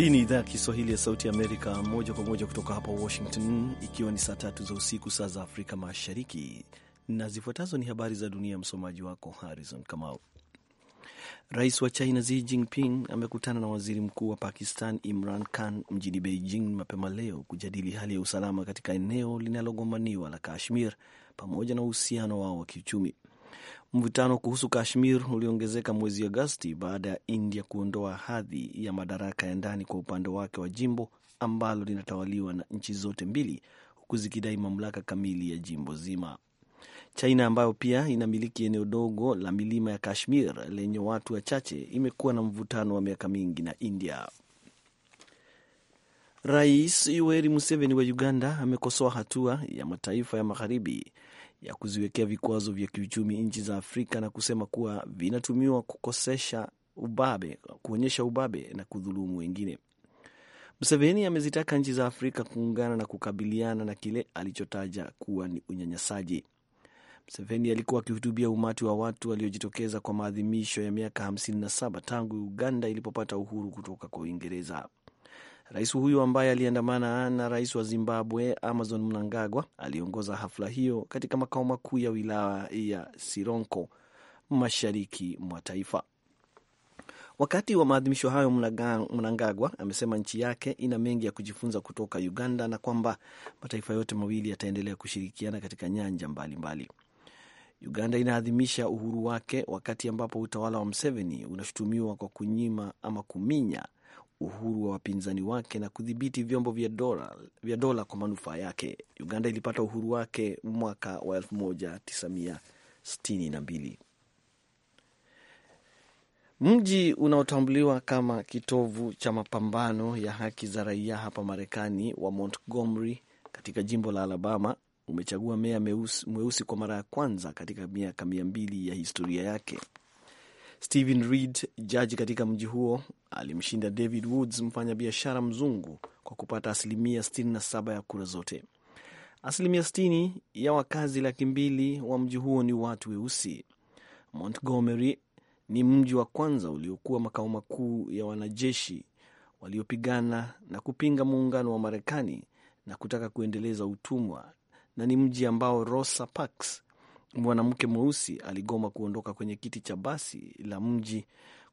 Hii ni idhaa ya Kiswahili ya Sauti ya Amerika, moja kwa moja kutoka hapa Washington, ikiwa ni saa tatu za usiku, saa za Afrika Mashariki, na zifuatazo ni habari za dunia. Msomaji wako Harrison Kamau. Rais wa China Xi Jinping amekutana na waziri mkuu wa Pakistan Imran Khan mjini Beijing mapema leo kujadili hali ya usalama katika eneo linalogombaniwa la Kashmir pamoja na uhusiano wao wa kiuchumi. Mvutano kuhusu Kashmir uliongezeka mwezi Agosti baada ya India kuondoa hadhi ya madaraka ya ndani kwa upande wake wa jimbo ambalo linatawaliwa na nchi zote mbili, huku zikidai mamlaka kamili ya jimbo zima. China ambayo pia inamiliki eneo dogo la milima ya Kashmir lenye watu wachache imekuwa na mvutano wa miaka mingi na India. Rais Yoweri Museveni wa Uganda amekosoa hatua ya mataifa ya magharibi ya kuziwekea vikwazo vya kiuchumi nchi za Afrika na kusema kuwa vinatumiwa kukosesha ubabe, kuonyesha ubabe na kudhulumu wengine. Museveni amezitaka nchi za Afrika kuungana na kukabiliana na kile alichotaja kuwa ni unyanyasaji. Museveni alikuwa akihutubia umati wa watu waliojitokeza kwa maadhimisho ya miaka 57 tangu Uganda ilipopata uhuru kutoka kwa Uingereza. Rais huyu ambaye aliandamana na rais wa Zimbabwe amazon Mnangagwa aliongoza hafla hiyo katika makao makuu ya wilaya ya Sironko mashariki mwa taifa. Wakati wa maadhimisho hayo, Mnangagwa amesema nchi yake ina mengi ya kujifunza kutoka Uganda na kwamba mataifa yote mawili yataendelea kushirikiana katika nyanja mbalimbali mbali. Uganda inaadhimisha uhuru wake wakati ambapo utawala wa mseveni unashutumiwa kwa kunyima ama kuminya uhuru wa wapinzani wake na kudhibiti vyombo vya dola, vya dola kwa manufaa yake. Uganda ilipata uhuru wake mwaka wa 1962. Mji unaotambuliwa kama kitovu cha mapambano ya haki za raia hapa Marekani wa Montgomery katika jimbo la Alabama umechagua meya mweusi kwa mara ya kwanza katika miaka mia mbili ya historia yake. Stephen Reed, jaji katika mji huo, alimshinda David Woods, mfanyabiashara mzungu, kwa kupata asilimia 67 ya kura zote. Asilimia 60 ya wakazi laki mbili wa mji huo ni watu weusi. Montgomery ni mji wa kwanza uliokuwa makao makuu ya wanajeshi waliopigana na kupinga muungano wa Marekani na kutaka kuendeleza utumwa na ni mji ambao Rosa Parks mwanamke mweusi aligoma kuondoka kwenye kiti cha basi la mji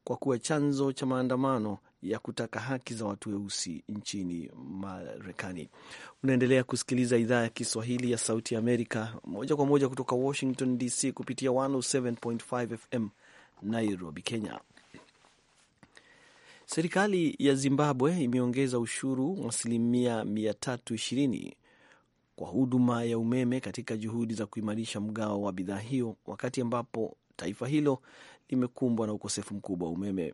kwa kuwa chanzo cha maandamano ya kutaka haki za watu weusi nchini Marekani. Unaendelea kusikiliza idhaa ya Kiswahili ya Sauti ya Amerika moja kwa moja kutoka Washington DC kupitia 107.5 FM Nairobi, Kenya. Serikali ya Zimbabwe imeongeza ushuru wa asilimia 320 kwa huduma ya umeme katika juhudi za kuimarisha mgao wa bidhaa hiyo, wakati ambapo taifa hilo limekumbwa na ukosefu mkubwa wa umeme.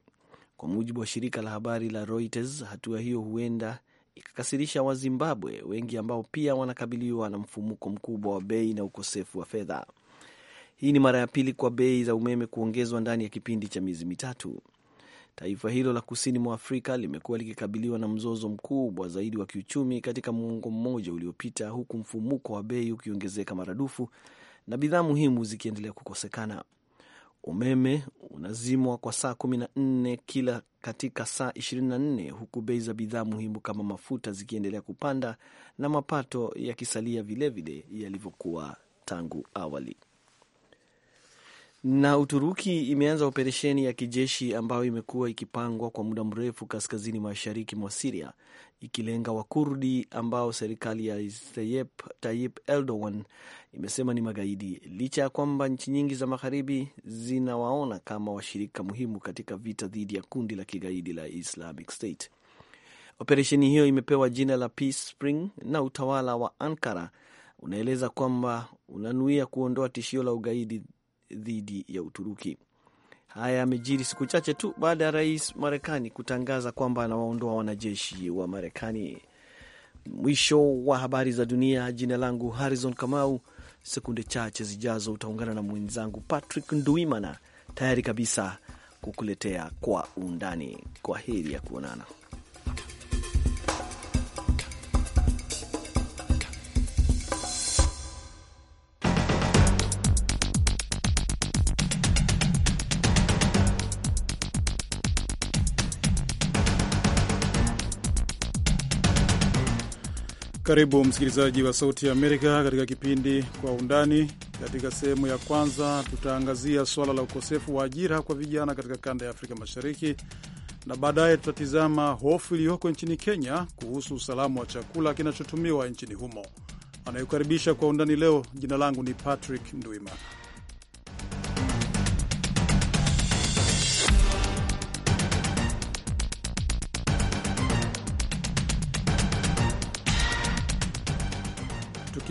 Kwa mujibu wa shirika la habari la Reuters, hatua hiyo huenda ikakasirisha Wazimbabwe wengi ambao pia wanakabiliwa na mfumuko mkubwa wa bei na ukosefu wa fedha. Hii ni mara ya pili kwa bei za umeme kuongezwa ndani ya kipindi cha miezi mitatu. Taifa hilo la kusini mwa Afrika limekuwa likikabiliwa na mzozo mkubwa zaidi wa kiuchumi katika muongo mmoja uliopita, huku mfumuko wa bei ukiongezeka maradufu na bidhaa muhimu zikiendelea kukosekana. Umeme unazimwa kwa saa 14 kila katika saa 24 huku bei za bidhaa muhimu kama mafuta zikiendelea kupanda na mapato yakisalia vilevile yalivyokuwa tangu awali. Na Uturuki imeanza operesheni ya kijeshi ambayo imekuwa ikipangwa kwa muda mrefu kaskazini mashariki mwa Siria, ikilenga Wakurdi ambao serikali ya Tayyip Erdogan imesema ni magaidi, licha ya kwamba nchi nyingi za magharibi zinawaona kama washirika muhimu katika vita dhidi ya kundi la kigaidi la Islamic State. Operesheni hiyo imepewa jina la Peace Spring na utawala wa Ankara unaeleza kwamba unanuia kuondoa tishio la ugaidi dhidi ya Uturuki. Haya yamejiri siku chache tu baada ya rais Marekani kutangaza kwamba anawaondoa wanajeshi wa Marekani. Mwisho wa habari za dunia. Jina langu Harrison Kamau. Sekunde chache zijazo utaungana na mwenzangu Patrick Nduimana, tayari kabisa kukuletea kwa undani. Kwa heri ya kuonana. Karibu msikilizaji wa Sauti ya Amerika katika kipindi Kwa Undani. Katika sehemu ya kwanza, tutaangazia suala la ukosefu wa ajira kwa vijana katika kanda ya Afrika Mashariki, na baadaye tutatizama hofu iliyoko nchini Kenya kuhusu usalama wa chakula kinachotumiwa nchini humo. Anayokaribisha Kwa Undani leo, jina langu ni Patrick Ndwima.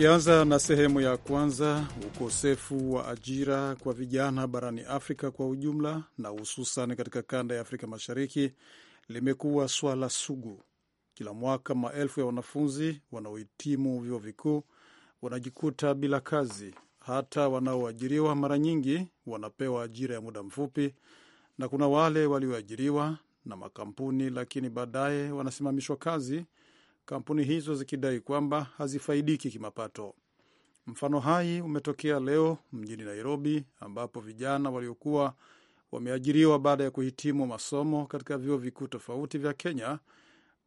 Tukianza na sehemu ya kwanza, ukosefu wa ajira kwa vijana barani Afrika kwa ujumla na hususan katika kanda ya Afrika Mashariki limekuwa swala sugu. Kila mwaka maelfu ya wanafunzi wanaohitimu vyuo vikuu wanajikuta bila kazi. Hata wanaoajiriwa mara nyingi wanapewa ajira ya muda mfupi, na kuna wale walioajiriwa na makampuni lakini baadaye wanasimamishwa kazi kampuni hizo zikidai kwamba hazifaidiki kimapato. Mfano hai umetokea leo mjini Nairobi, ambapo vijana waliokuwa wameajiriwa baada ya kuhitimu masomo katika vyuo vikuu tofauti vya Kenya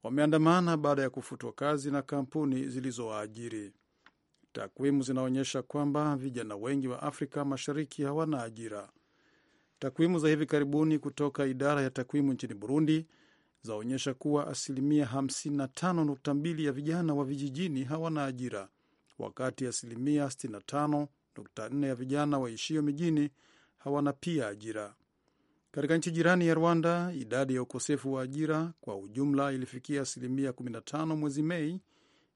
wameandamana baada ya kufutwa kazi na kampuni zilizowaajiri. Takwimu zinaonyesha kwamba vijana wengi wa Afrika Mashariki hawana ajira. Takwimu za hivi karibuni kutoka idara ya takwimu nchini Burundi zaonyesha kuwa asilimia 55.2 ya vijana wa vijijini hawana ajira, wakati asilimia 65.4 ya vijana waishio mijini hawana pia ajira. Katika nchi jirani ya Rwanda, idadi ya ukosefu wa ajira kwa ujumla ilifikia asilimia 15 mwezi Mei,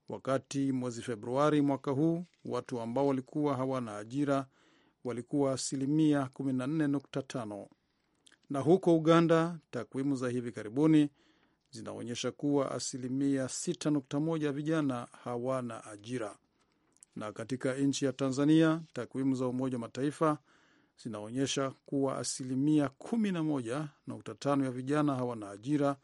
wakati mwezi Februari mwaka huu watu ambao walikuwa hawana ajira walikuwa asilimia 14.5. Na huko Uganda, takwimu za hivi karibuni zinaonyesha kuwa asilimia 6.1 ya vijana hawana ajira. Na katika nchi ya Tanzania, takwimu za Umoja wa Mataifa zinaonyesha kuwa asilimia 11.5 ya vijana hawana ajira,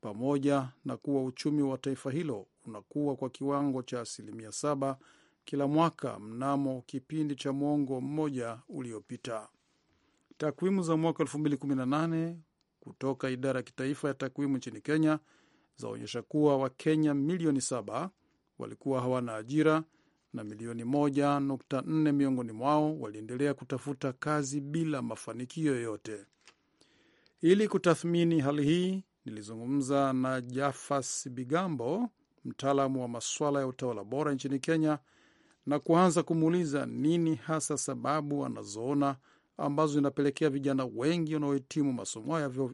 pamoja na kuwa uchumi wa taifa hilo unakuwa kwa kiwango cha asilimia 7 kila mwaka mnamo kipindi cha mwongo mmoja uliopita. Takwimu za mwaka 2018 kutoka idara ya kitaifa ya takwimu nchini Kenya zaonyesha kuwa Wakenya milioni saba walikuwa hawana ajira na milioni moja nukta nne miongoni mwao waliendelea kutafuta kazi bila mafanikio yoyote. Ili kutathmini hali hii, nilizungumza na Jafas Bigambo, mtaalamu wa masuala ya utawala bora nchini Kenya, na kuanza kumuuliza nini hasa sababu anazoona ambazo zinapelekea vijana wengi wanaohitimu masomo ya vyo,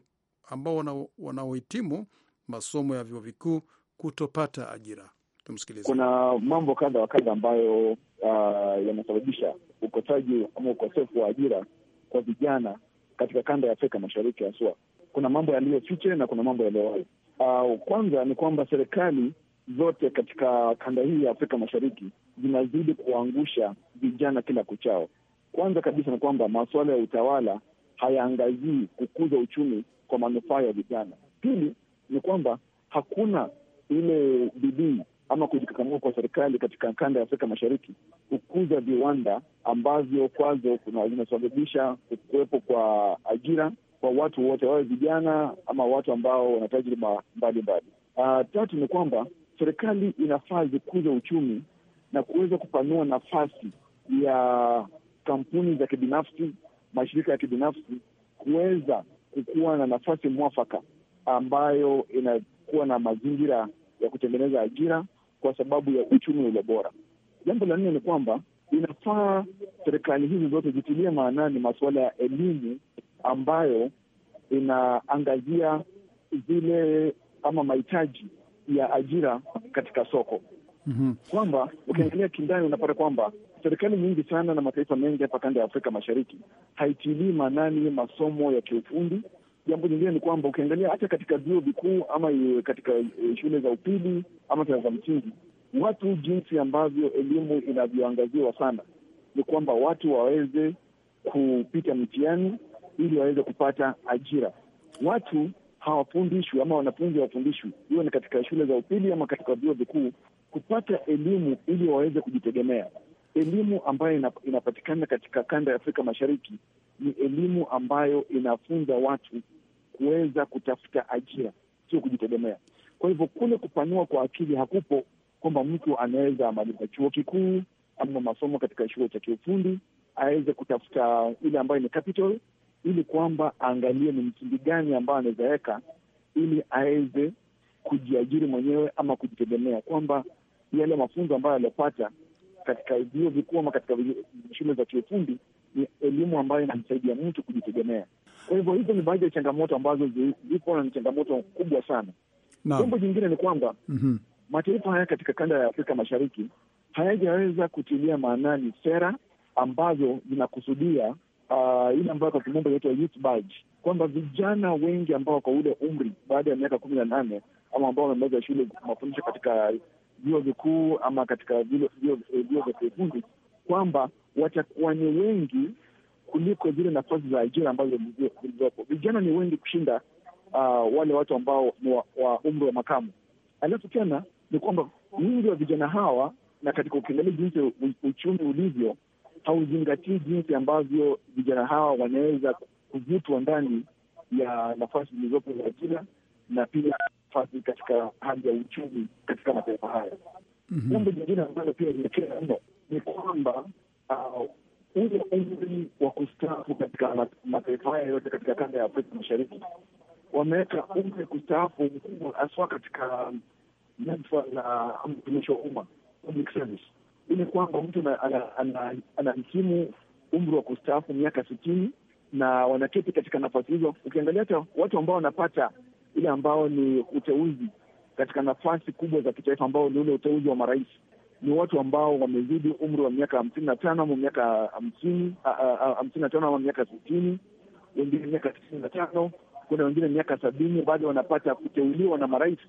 ambao wanaohitimu masomo ya vyuo vikuu kutopata ajira. Tumsikilize. Kuna mambo kadha wa kadha ambayo uh, yanasababisha ukosaji ama ukosefu wa ajira kwa vijana katika kanda ya Afrika Mashariki haswa. Kuna mambo yaliyofiche na kuna mambo yaliyo wazi. Uh, ah, kwanza ni kwamba serikali zote katika kanda hii ya Afrika Mashariki zinazidi kuangusha vijana kila kuchao. Kwanza kabisa ni kwamba masuala ya utawala hayaangazii kukuza uchumi kwa manufaa ya vijana. Pili ni kwamba hakuna ile bidii ama kujikakamua kwa serikali katika kanda ya Afrika Mashariki kukuza viwanda ambavyo kwazo zinasababisha kuwepo kwa ajira kwa watu wote, wawe vijana ama watu ambao wana tajriba mbalimbali. Uh, tatu ni kwamba serikali inafaa zikuza uchumi na kuweza kupanua nafasi ya kampuni za kibinafsi, mashirika ya kibinafsi kuweza kukuwa na nafasi mwafaka ambayo inakuwa na mazingira ya kutengeneza ajira kwa sababu ya uchumi ulio bora. Jambo la nne ni kwamba inafaa serikali hizi zote zitilie maanani masuala ya elimu ambayo inaangazia zile ama mahitaji ya ajira katika soko mm -hmm. Kwamba ukiangalia kindani unapata kwamba serikali nyingi sana na mataifa mengi hapa kanda ya Afrika Mashariki haitilii maanani masomo ya kiufundi. Jambo nyingine ni kwamba ukiangalia hata katika vyuo vikuu ama katika eh, shule za upili ama za msingi, watu jinsi ambavyo elimu inavyoangaziwa sana ni kwamba watu waweze kupita mitihani ili waweze kupata ajira. Watu hawafundishwi ama wanafunzi hawafundishwi, iwe ni katika shule za upili ama katika vyuo vikuu, kupata elimu ili waweze kujitegemea elimu ambayo inapatikana katika kanda ya Afrika Mashariki ni elimu ambayo inafunza watu kuweza kutafuta ajira, sio kujitegemea. Kwa hivyo kule kupanua kwa akili hakupo, kwamba mtu anaweza amaliza chuo kikuu ama masomo katika chuo cha kiufundi aweze kutafuta ile ambayo ni capital, ili kwamba aangalie ni msingi gani ambayo anaweza weka ili aweze kujiajiri mwenyewe ama kujitegemea, kwamba yale mafunzo ambayo aliyopata katika vyuo vikuu ama katika shule za kiufundi ni elimu ambayo inamsaidia mtu kujitegemea. Kwa hivyo hizo ni baadhi ya changamoto ambazo ziko na ni changamoto kubwa sana. Jambo jingine ni kwamba mm -hmm. mataifa haya katika kanda ya Afrika Mashariki hayajaweza kutilia maanani sera ambazo zinakusudia Uh, ile ambayo kwa kimombo inaitwa youth budge, kwamba vijana wengi ambao kwa ule umri baada ya miaka kumi na nane ama ambao wamemaliza shule mafundisho katika vyuo vikuu ama katika vyuo eh, vya kiufundi kwamba watakuwa ni wengi kuliko zile nafasi za ajira ambazo zilizopo. Vijana ni wengi kushinda uh, wale watu ambao ni wa, wa umri wa makamu. Alafu tena ni kwamba wingi wa vijana hawa, na katika ukiangalia jinsi uchumi ulivyo, hauzingatii jinsi ambavyo vijana hawa wanaweza kuvutwa ndani ya nafasi zilizopo za ajira na pia nafasi katika hali ya uchumi katika mataifa hayo. Mhm. Jambo jingine ambalo pia limekera mno ni kwamba uh, ule umri wa kustaafu katika mataifa haya yote katika kanda ya Afrika Mashariki wameweka umri kustaafu mkubwa haswa katika um, nyadhifa la mtumishi wa umma public service, ili kwamba mtu anahitimu umri wa kustaafu miaka sitini na wanaketi katika nafasi hizo. Ukiangalia hata watu ambao wanapata ile ambao ni uteuzi katika nafasi kubwa za kitaifa ambao ni ule uteuzi wa marais ni watu ambao wamezidi umri wa miaka hamsini na tano ama miaka hamsini hamsini na tano ama miaka sitini wengine miaka tisini na tano kuna wengine miaka sabini bado wanapata kuteuliwa na marais.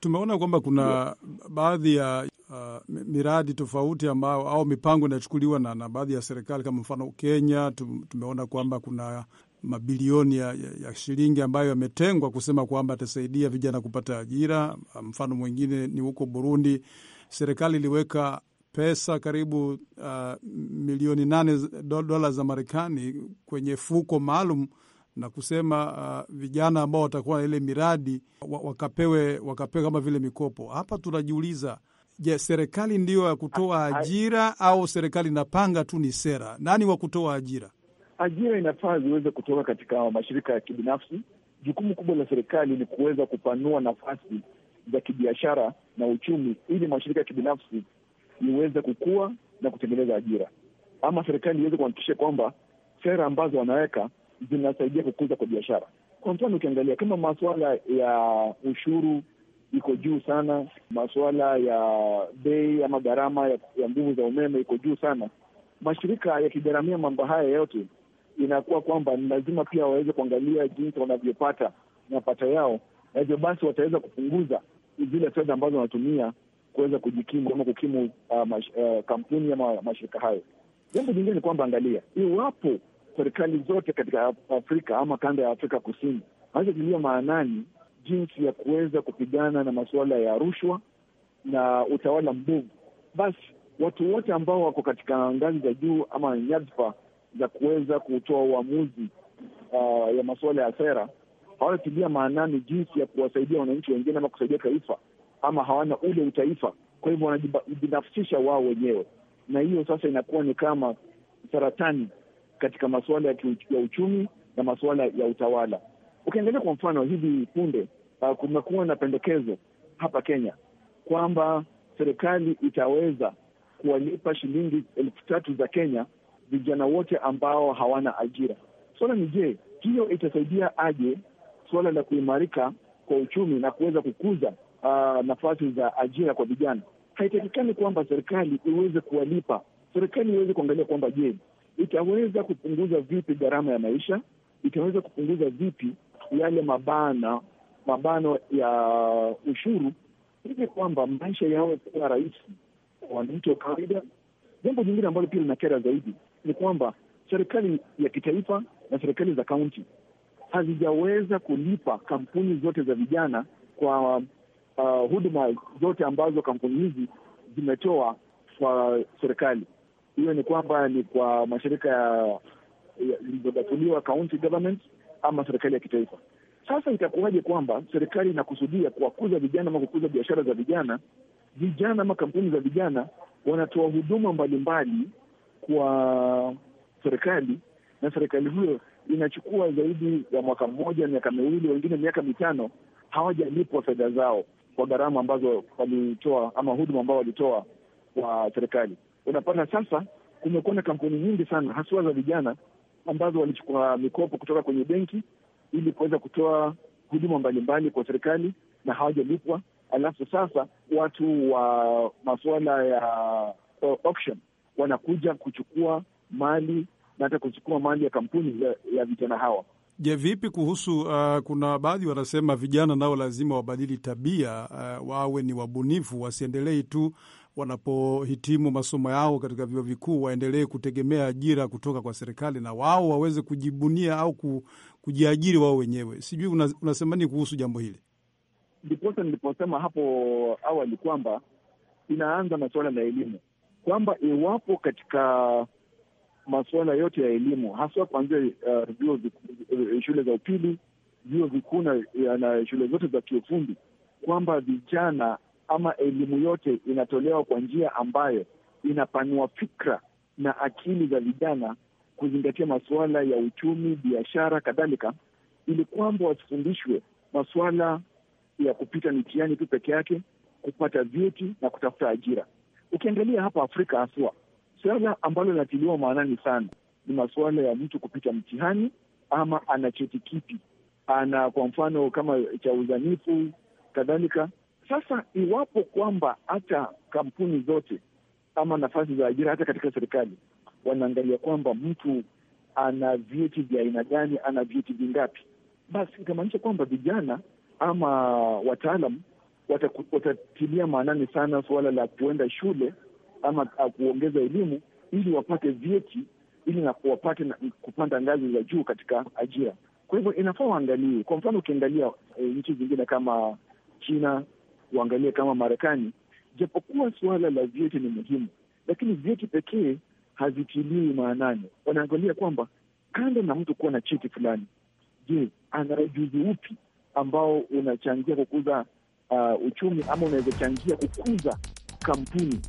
Tumeona kwamba kuna baadhi ya uh, miradi tofauti ambao au mipango inachukuliwa na, na baadhi ya serikali kama mfano Kenya, tumeona kwamba kuna mabilioni ya, ya shilingi ambayo yametengwa kusema kwamba atasaidia vijana kupata ajira. Mfano mwingine ni huko Burundi, serikali iliweka pesa karibu uh, milioni nane dola za Marekani kwenye fuko maalum na kusema uh, vijana ambao watakuwa na ile miradi wakapewe, wakapewe kama vile mikopo. Hapa tunajiuliza, je, serikali ndiyo ya kutoa ajira au serikali inapanga tu ni sera? Nani wa kutoa ajira? ajira inafaa ziweze kutoka katika mashirika ya kibinafsi. Jukumu kubwa la serikali ni kuweza kupanua nafasi za kibiashara na uchumi, ili mashirika ya kibinafsi iweze kukua na kutengeneza ajira, ama serikali iweze kuhakikisha kwamba sera ambazo wanaweka zinasaidia kukuza kwa biashara. Kwa mfano, ukiangalia kama masuala ya ushuru iko juu sana, masuala ya bei ama gharama ya nguvu za umeme iko juu sana, mashirika yakigharamia mambo haya yote inakuwa kwamba ni lazima pia waweze kuangalia jinsi wanavyopata mapato yao, na hivyo basi wataweza kupunguza zile fedha ambazo wanatumia kuweza kujikimu ama kukimu uh, mash, uh, kampuni ama mashirika hayo. Jambo jingine ni kwamba, angalia, iwapo serikali zote katika Afrika ama kanda ya Afrika Kusini hazitilia maanani jinsi ya kuweza kupigana na masuala ya rushwa na utawala mbovu, basi watu wote ambao wako katika ngazi za juu ama nyadhifa za kuweza kutoa uamuzi uh, ya masuala ya sera hawatatilia maanani jinsi ya kuwasaidia wananchi wengine ama kusaidia taifa, ama hawana ule utaifa. Kwa hivyo wanajibinafsisha wao wenyewe, na hiyo sasa inakuwa ni kama saratani katika masuala ya, ya uchumi na masuala ya utawala. Ukiangalia kwa mfano hivi punde uh, kumekuwa na pendekezo hapa Kenya kwamba serikali itaweza kuwalipa shilingi elfu tatu za Kenya vijana wote ambao hawana ajira. Swala ni je, hiyo itasaidia aje suala la kuimarika kwa uchumi na kuweza kukuza uh, nafasi za ajira kwa vijana? Haitakikani kwamba serikali iweze kuwalipa. Serikali iweze kuangalia kwamba je, itaweza kupunguza vipi gharama ya maisha, itaweza kupunguza vipi yale mabana mabano ya ushuru, hivi kwamba maisha yawe kuwa rahisi kwa wananchi wa kawaida. Jambo jingine ambalo pia linakera zaidi ni kwamba serikali ya kitaifa na serikali za kaunti hazijaweza kulipa kampuni zote za vijana kwa uh, huduma zote ambazo kampuni hizi zimetoa kwa serikali. Hiyo ni kwamba ni kwa mashirika ya zilizogatuliwa county government ama serikali ya kitaifa. Sasa itakuwaje kwamba serikali inakusudia kuwakuza vijana ama kukuza biashara za vijana? Vijana ama kampuni za vijana wanatoa huduma mbalimbali kwa serikali, na serikali hiyo inachukua zaidi ya mwaka mmoja, miaka miwili, wengine miaka mitano, hawajalipwa fedha zao kwa gharama ambazo walitoa ama huduma ambao walitoa kwa serikali. Unapata sasa kumekuwa na kampuni nyingi sana haswa za vijana ambazo walichukua mikopo kutoka kwenye benki ili kuweza kutoa huduma mbalimbali kwa serikali na hawajalipwa. Alafu sasa watu wa masuala ya uh, auction wanakuja kuchukua mali na hata kuchukua mali ya kampuni ya, ya vijana hawa. Je, vipi kuhusu uh, kuna baadhi wanasema vijana nao lazima wabadili tabia uh, wawe ni wabunifu, wasiendelei tu wanapohitimu masomo yao katika vyuo vikuu, waendelee kutegemea ajira kutoka kwa serikali na wao waweze kujibunia au ku, kujiajiri wao wenyewe. Sijui unasema nini kuhusu jambo hili? Ndiposa niliposema hapo awali kwamba inaanza na suala la elimu kwamba iwapo katika masuala yote ya elimu haswa kuanzia uh, uh shule za upili, vyuo vikuu uh, na shule zote za kiufundi, kwamba vijana ama elimu yote inatolewa kwa njia ambayo inapanua fikra na akili za vijana kuzingatia masuala ya uchumi, biashara, kadhalika, ili kwamba wasifundishwe masuala ya kupita mitihani tu peke yake, kupata vyeti na kutafuta ajira. Ukiangalia hapa Afrika haswa, suala ambalo linatiliwa maanani sana ni masuala ya mtu kupita mtihani ama ana cheti kipi, ana kwa mfano kama cha uzanifu kadhalika. Sasa iwapo kwamba hata kampuni zote ama nafasi za ajira hata katika serikali wanaangalia kwamba mtu ana vyeti vya aina gani, ana vyeti vingapi, basi itamaanisha kwamba vijana ama wataalam watatilia maanani sana suala la kuenda shule ama ah, kuongeza elimu ili wapate vyeti ili na wapate na kupanda ngazi za juu katika ajira. Kwa hivyo inafaa waangalie, kwa mfano ukiangalia e, nchi zingine kama China, uangalie kama Marekani. Japokuwa suala la vyeti ni muhimu, lakini vyeti pekee hazitiliwi maanani. Wanaangalia kwamba kando na mtu kuwa na cheti fulani, je, ana ujuzi upi ambao unachangia kukuza uh, uchumi ama unaweza changia kukuza kampuni.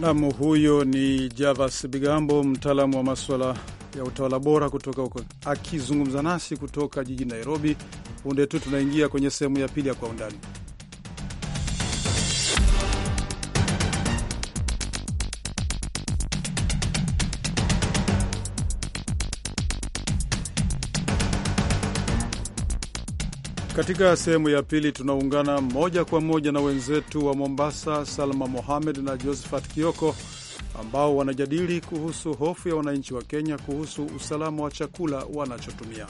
Nam huyo ni Javas Bigambo, mtaalamu wa maswala ya utawala bora kutoka huko, akizungumza nasi kutoka jijini Nairobi. Punde tu tunaingia kwenye sehemu ya pili ya Kwa Undani. Katika sehemu ya pili tunaungana moja kwa moja na wenzetu wa Mombasa, Salma Mohamed na Josephat Kioko, ambao wanajadili kuhusu hofu ya wananchi wa Kenya kuhusu usalama wa chakula wanachotumia.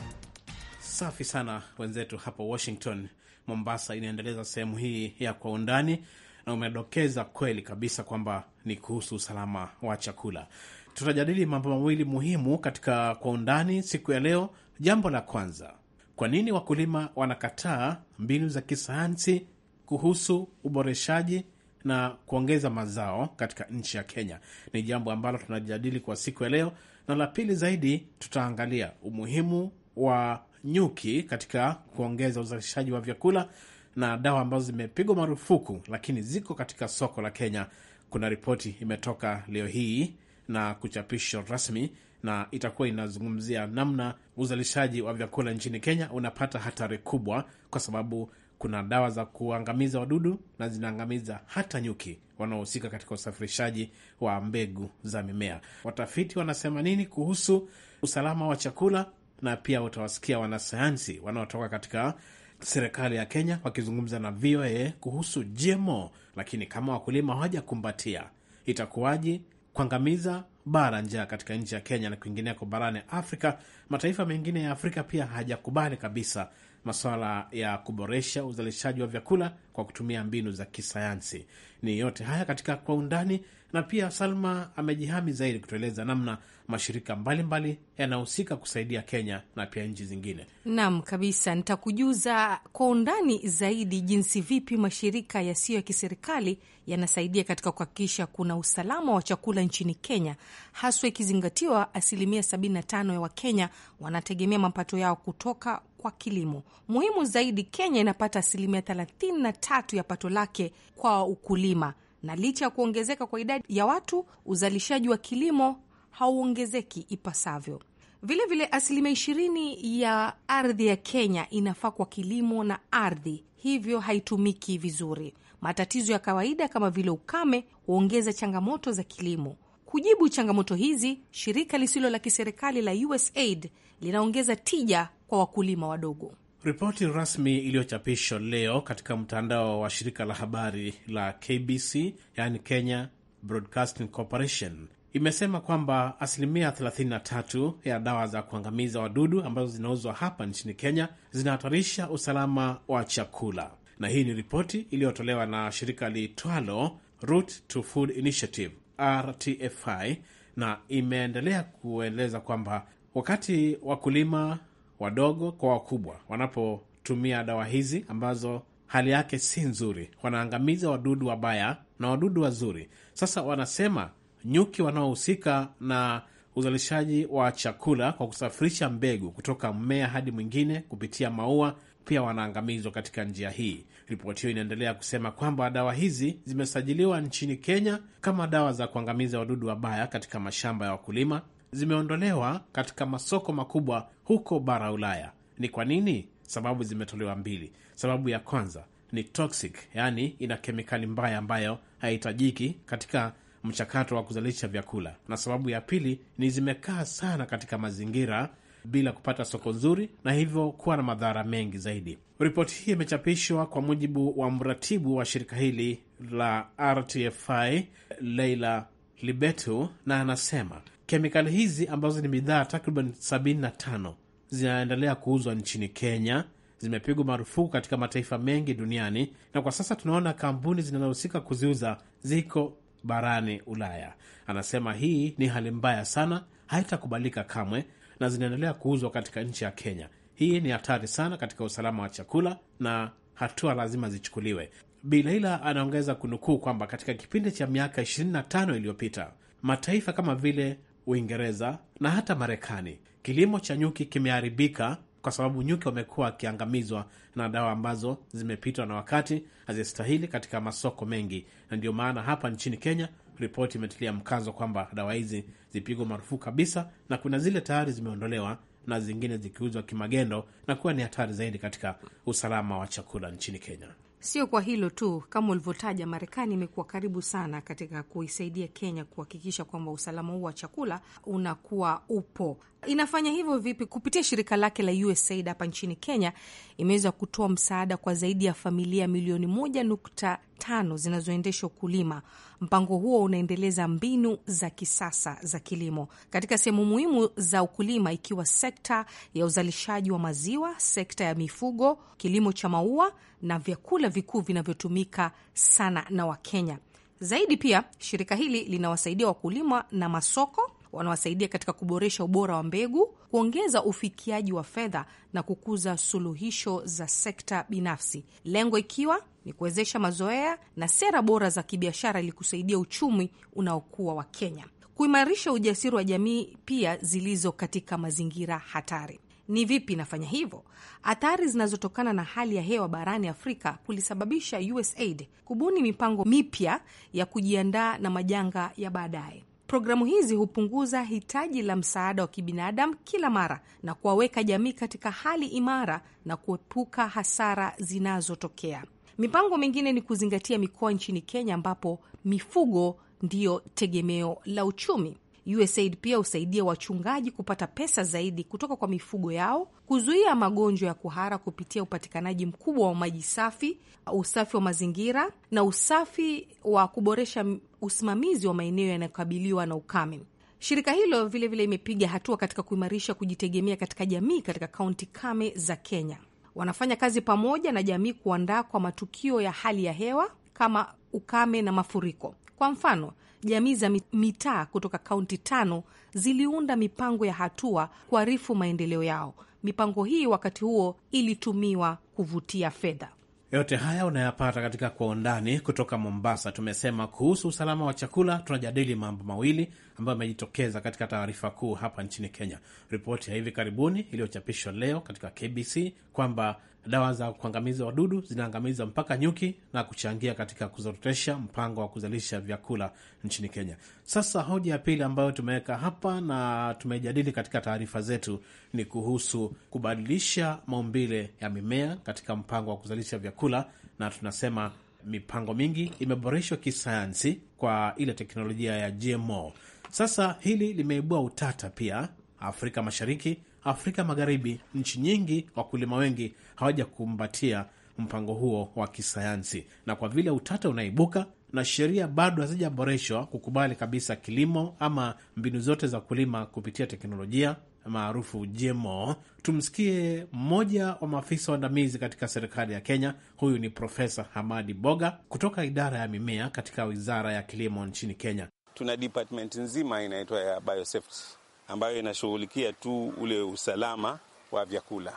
Safi sana wenzetu hapa Washington. Mombasa inaendeleza sehemu hii ya kwa undani, na umedokeza kweli kabisa kwamba ni kuhusu usalama wa chakula. Tutajadili mambo mawili muhimu katika kwa undani siku ya leo. Jambo la kwanza kwa nini wakulima wanakataa mbinu za kisayansi kuhusu uboreshaji na kuongeza mazao katika nchi ya Kenya? Ni jambo ambalo tunajadili kwa siku ya leo, na la pili zaidi tutaangalia umuhimu wa nyuki katika kuongeza uzalishaji wa vyakula na dawa ambazo zimepigwa marufuku lakini ziko katika soko la Kenya. Kuna ripoti imetoka leo hii na kuchapishwa rasmi na itakuwa inazungumzia namna uzalishaji wa vyakula nchini Kenya unapata hatari kubwa, kwa sababu kuna dawa za kuangamiza wadudu na zinaangamiza hata nyuki wanaohusika katika usafirishaji wa mbegu za mimea. Watafiti wanasema nini kuhusu usalama wa chakula? Na pia utawasikia wanasayansi wanaotoka katika serikali ya Kenya wakizungumza na VOA kuhusu GMO. Lakini kama wakulima hawajakumbatia, itakuwaje kuangamiza bara njaa katika nchi ya Kenya na kwingineko barani Afrika. Mataifa mengine ya Afrika pia hayajakubali kabisa masuala ya kuboresha uzalishaji wa vyakula kwa kutumia mbinu za kisayansi. Ni yote haya katika kwa undani, na pia Salma amejihami zaidi kutueleza namna mashirika mbalimbali yanahusika kusaidia Kenya na pia nchi zingine. Naam kabisa, nitakujuza kwa undani zaidi jinsi vipi mashirika yasiyo ya kiserikali yanasaidia katika kuhakikisha kuna usalama wa chakula nchini Kenya, haswa ikizingatiwa asilimia 75 ya Wakenya wanategemea mapato yao kutoka kwa kilimo. Muhimu zaidi, Kenya inapata asilimia 33 ya pato lake kwa ukulima wakulima, na licha ya kuongezeka kwa idadi ya watu, uzalishaji wa kilimo hauongezeki ipasavyo. Vilevile, asilimia ishirini ya ardhi ya Kenya inafaa kwa kilimo na ardhi hivyo haitumiki vizuri. Matatizo ya kawaida kama vile ukame huongeza changamoto za kilimo. Kujibu changamoto hizi, shirika lisilo la kiserikali la USAID linaongeza tija kwa wakulima wadogo. Ripoti rasmi iliyochapishwa leo katika mtandao wa shirika la habari la KBC, yani Kenya Broadcasting Corporation, imesema kwamba asilimia 33 ya dawa za kuangamiza wadudu ambazo zinauzwa hapa nchini Kenya zinahatarisha usalama wa chakula. Na hii ni ripoti iliyotolewa na shirika liitwalo Root to Food Initiative RTFI, na imeendelea kueleza kwamba wakati wakulima wadogo kwa wakubwa wanapotumia dawa hizi ambazo hali yake si nzuri, wanaangamiza wadudu wabaya na wadudu wazuri. Sasa wanasema nyuki wanaohusika na uzalishaji wa chakula kwa kusafirisha mbegu kutoka mmea hadi mwingine kupitia maua pia wanaangamizwa katika njia hii. Ripoti hiyo inaendelea kusema kwamba dawa hizi zimesajiliwa nchini Kenya kama dawa za kuangamiza wadudu wabaya katika mashamba ya wakulima zimeondolewa katika masoko makubwa huko bara Ulaya. Ni kwa nini? Sababu zimetolewa mbili. Sababu ya kwanza ni toxic, yaani ina kemikali mbaya ambayo haihitajiki katika mchakato wa kuzalisha vyakula, na sababu ya pili ni zimekaa sana katika mazingira bila kupata soko nzuri na hivyo kuwa na madhara mengi zaidi. Ripoti hii imechapishwa kwa mujibu wa mratibu wa shirika hili la RTFI Leila Libetu, na anasema Kemikali hizi ambazo ni bidhaa takriban 75 zinaendelea kuuzwa nchini Kenya, zimepigwa marufuku katika mataifa mengi duniani, na kwa sasa tunaona kampuni zinazohusika kuziuza ziko barani Ulaya. Anasema hii ni hali mbaya sana, haitakubalika kamwe, na zinaendelea kuuzwa katika nchi ya Kenya. Hii ni hatari sana katika usalama wa chakula na hatua lazima zichukuliwe. Bilaila anaongeza kunukuu kwamba katika kipindi cha miaka 25 iliyopita mataifa kama vile Uingereza na hata Marekani. Kilimo cha nyuki kimeharibika kwa sababu nyuki wamekuwa wakiangamizwa na dawa ambazo zimepitwa na wakati, hazistahili katika masoko mengi, na ndio maana hapa nchini Kenya ripoti imetilia mkazo kwamba dawa hizi zipigwe marufuku kabisa, na kuna zile tayari zimeondolewa na zingine zikiuzwa kimagendo na kuwa ni hatari zaidi katika usalama wa chakula nchini Kenya. Sio kwa hilo tu, kama ulivyotaja, Marekani imekuwa karibu sana katika kuisaidia Kenya kuhakikisha kwamba usalama huu wa chakula unakuwa upo. Inafanya hivyo vipi? Kupitia shirika lake la USAID hapa nchini Kenya imeweza kutoa msaada kwa zaidi ya familia milioni moja nukta tano zinazoendesha ukulima. Mpango huo unaendeleza mbinu za kisasa za kilimo katika sehemu muhimu za ukulima, ikiwa sekta ya uzalishaji wa maziwa, sekta ya mifugo, kilimo cha maua na vyakula vikuu vinavyotumika sana na Wakenya zaidi. Pia shirika hili linawasaidia wakulima na masoko wanawasaidia katika kuboresha ubora wa mbegu, kuongeza ufikiaji wa fedha na kukuza suluhisho za sekta binafsi, lengo ikiwa ni kuwezesha mazoea na sera bora za kibiashara ili kusaidia uchumi unaokuwa wa Kenya, kuimarisha ujasiri wa jamii pia zilizo katika mazingira hatari. Ni vipi inafanya hivyo? Athari zinazotokana na hali ya hewa barani Afrika kulisababisha USAID kubuni mipango mipya ya kujiandaa na majanga ya baadaye. Programu hizi hupunguza hitaji la msaada wa kibinadamu kila mara na kuwaweka jamii katika hali imara na kuepuka hasara zinazotokea. Mipango mingine ni kuzingatia mikoa nchini Kenya ambapo mifugo ndiyo tegemeo la uchumi. USAID pia husaidia wachungaji kupata pesa zaidi kutoka kwa mifugo yao, kuzuia magonjwa ya kuhara kupitia upatikanaji mkubwa wa maji safi, usafi wa mazingira na usafi wa kuboresha usimamizi wa maeneo yanayokabiliwa na ukame. Shirika hilo vilevile imepiga hatua katika kuimarisha kujitegemea katika jamii katika kaunti kame za Kenya wanafanya kazi pamoja na jamii kuandaa kwa matukio ya hali ya hewa kama ukame na mafuriko. Kwa mfano, jamii za mitaa kutoka kaunti tano ziliunda mipango ya hatua kuarifu maendeleo yao. Mipango hii wakati huo ilitumiwa kuvutia fedha. Yote haya unayapata katika Kwa Undani kutoka Mombasa. Tumesema kuhusu usalama wa chakula, tunajadili mambo mawili ambayo yamejitokeza katika taarifa kuu hapa nchini Kenya, ripoti ya hivi karibuni iliyochapishwa leo katika KBC kwamba Dawa za kuangamiza wadudu zinaangamiza mpaka nyuki na kuchangia katika kuzorotesha mpango wa kuzalisha vyakula nchini Kenya. Sasa hoja ya pili ambayo tumeweka hapa na tumejadili katika taarifa zetu ni kuhusu kubadilisha maumbile ya mimea katika mpango wa kuzalisha vyakula, na tunasema mipango mingi imeboreshwa kisayansi kwa ile teknolojia ya GMO. Sasa hili limeibua utata pia Afrika Mashariki Afrika Magharibi, nchi nyingi, wakulima wengi hawajakumbatia mpango huo wa kisayansi, na kwa vile utata unaibuka na sheria bado hazijaboreshwa kukubali kabisa kilimo ama mbinu zote za kulima kupitia teknolojia maarufu GMO. Tumsikie mmoja wa maafisa waandamizi katika serikali ya Kenya. Huyu ni Profesa Hamadi Boga kutoka idara ya mimea katika wizara ya kilimo nchini Kenya. Tuna department nzima inaitwa ya biosafety ambayo inashughulikia tu ule usalama wa vyakula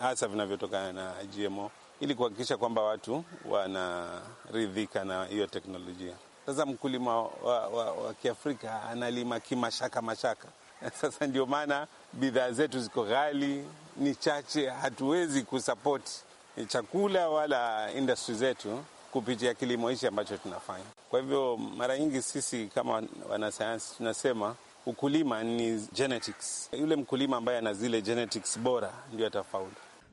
hasa vinavyotokana na GMO ili kuhakikisha kwamba watu wanaridhika na hiyo teknolojia. Sasa mkulima wa, wa, wa Kiafrika analima kimashaka mashaka. Sasa ndio maana bidhaa zetu ziko ghali, ni chache, hatuwezi kusapoti chakula wala industri zetu kupitia kilimo hichi ambacho tunafanya. Kwa hivyo mara nyingi sisi kama wanasayansi tunasema ukulima ni genetics. Yule mkulima ambaye ana zile genetics bora ndio atafaulu.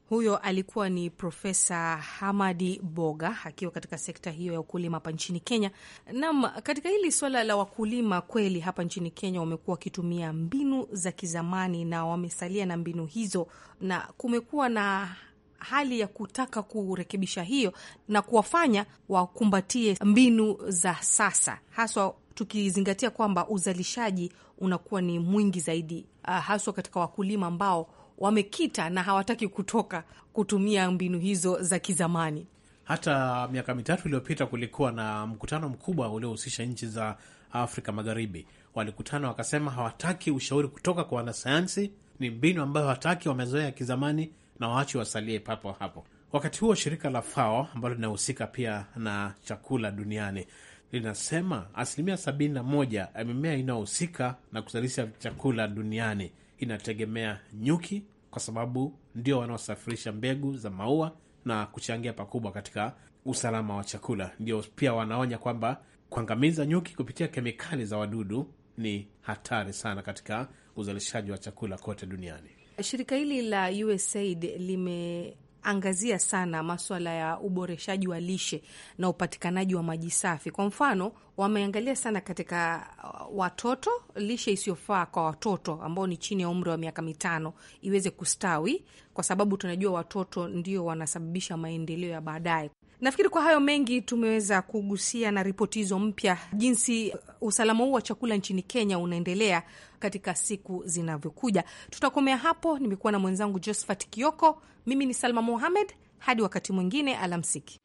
Huyo alikuwa ni Profesa Hamadi Boga akiwa katika sekta hiyo ya ukulima hapa nchini Kenya. Naam, katika hili suala la wakulima, kweli hapa nchini Kenya wamekuwa wakitumia mbinu za kizamani na wamesalia na mbinu hizo, na kumekuwa na hali ya kutaka kurekebisha hiyo na kuwafanya wakumbatie mbinu za sasa, haswa tukizingatia kwamba uzalishaji unakuwa ni mwingi zaidi, uh, haswa katika wakulima ambao wamekita na hawataki kutoka kutumia mbinu hizo za kizamani. Hata miaka mitatu iliyopita kulikuwa na mkutano mkubwa uliohusisha nchi za Afrika Magharibi. Walikutana wakasema hawataki ushauri kutoka kwa wanasayansi, ni mbinu ambayo hawataki, wamezoea kizamani na waachi wasalie papo hapo. Wakati huo shirika la FAO ambalo linahusika pia na chakula duniani linasema asilimia sabini na moja ya mimea inayohusika na kuzalisha chakula duniani inategemea nyuki, kwa sababu ndio wanaosafirisha mbegu za maua na kuchangia pakubwa katika usalama wa chakula. Ndio pia wanaonya kwamba kuangamiza nyuki kupitia kemikali za wadudu ni hatari sana katika uzalishaji wa chakula kote duniani. Shirika hili la USAID lime angazia sana maswala ya uboreshaji wa lishe na upatikanaji wa maji safi. Kwa mfano, wameangalia sana katika uh, watoto, lishe isiyofaa kwa watoto ambao ni chini ya umri wa miaka mitano iweze kustawi, kwa sababu tunajua watoto ndio wanasababisha maendeleo ya baadaye. Nafikiri kwa hayo mengi tumeweza kugusia na ripoti hizo mpya, jinsi usalama huu wa chakula nchini Kenya unaendelea katika siku zinavyokuja. Tutakomea hapo. Nimekuwa na mwenzangu Josephat Kioko, mimi ni Salma Mohamed. Hadi wakati mwingine, alamsiki.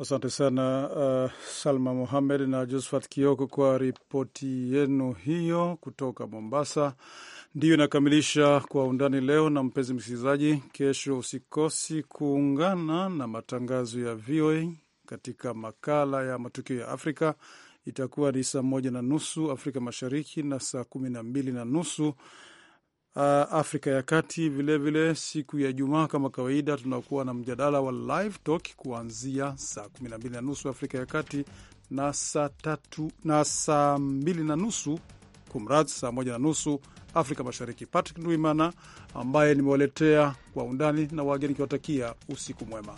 Asante sana uh, Salma Mohamed na Josephat Kioko kwa ripoti yenu hiyo kutoka Mombasa ndiyo inakamilisha Kwa Undani leo. Na mpenzi msikilizaji, kesho usikosi kuungana na matangazo ya VOA katika makala ya matukio ya Afrika. Itakuwa ni saa moja na nusu Afrika Mashariki na saa kumi na mbili na nusu uh, Afrika ya Kati. Vilevile vile, siku ya jumaa kama kawaida, tunakuwa na mjadala wa Live Talk kuanzia saa kumi na mbili na nusu Afrika ya Kati na saa tatu na saa mbili na nusu kumrad, saa moja na nusu Afrika Mashariki. Patrick Ndwimana ambaye nimewaletea kwa undani na wageni, nikiwatakia usiku mwema.